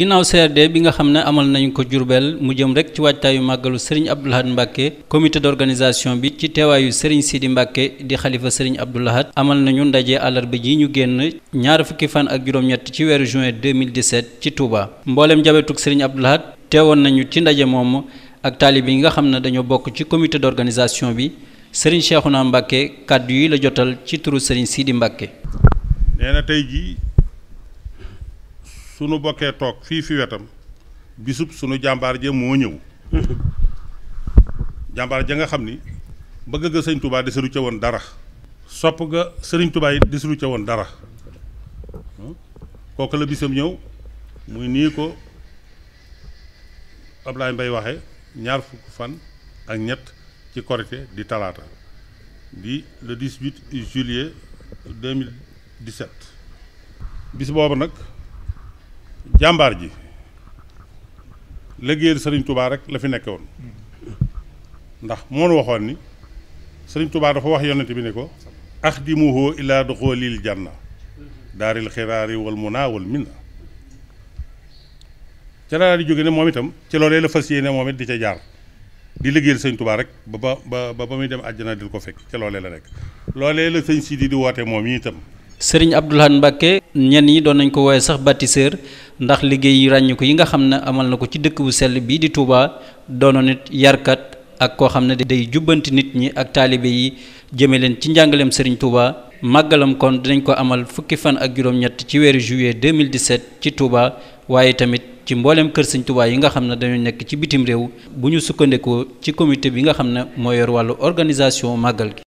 ginnaaw CRD bi nga xam ne amal nañu ko Jurbel mu jëm rek ci waajtaayu màggalu sëriñ Abdou Lahad Mbacke comité d'organisation bi ci teewaayu sëriñ di Mbacke di xalifa sëriñ Abdou Lahad amal nañu ndaje àllarba ji ñu génn ñaar fukki fan ak juróom ci weeru juin 2017 ci Touba mboolem jabetug sëriñ Abdou Lahad teewoon nañu ci ndaje moomu ak taalib yi nga xam ne dañoo bokk ci comité d'organisation bi sëriñ na Mbacke kàddu yi la jotal ci turu sëriñ Sidi Mbacke. nee na tey jii sunu bokkee toog fii fi wetam bisub sunu jàmbaar ja moo ñëw jàmbaar ja nga xam ni bëgg ga sëñ tubaa desalu ca woon dara sopp ga sëriñ tubaa yi desalu ca woon dara kooku la bisam ñëw muy nii ko Ablaye mbay waxe ñaar fukk fan ak ñett ci korite di talaata di le 18 juillet 2017 bis boobu nag jàmbaar ji liggéeyal sëriñ tubaa rek la fi nekk woon ndax moonu waxoon ni sëriñ tubaa dafa wax yonent bi ne ko axdimuhu ilaa duxoolil janna daaril xiraari wal munaa wal minna ca laa jóge ne moom itam ci loolee la fas yéene moom it di ca jaar di liggéeyal sëñ tubaar rek ba ba ba ba muy dem àjjana dil ko fekk ca loolee la nekk loolee la sëñ Sidi di woote moom yi itam sëriñ Abdoul Ahad Mbacké ñenn yi doon nañ ko wooye sax bâtisseur ndax liggéey yu ko yi nga xam ne amal na ko ci dëkk bu sell bii di Touba doono nit yarkat ak koo xam ne day jubbante nit ñi ak taalibe yi jëme leen ci njàngaleem Serigne Touba. màggalam kon dinañ ko amal fukki fan ak juróom-ñett ci weeru juillet 2017 ci Touba waaye tamit ci mbooleem kër Serigne Touba yi nga xam ne dañoo nekk ci bitim réew bu ñu sukkandikoo ci comité bi nga xam ne moo yor wàllu organisation màggal gi.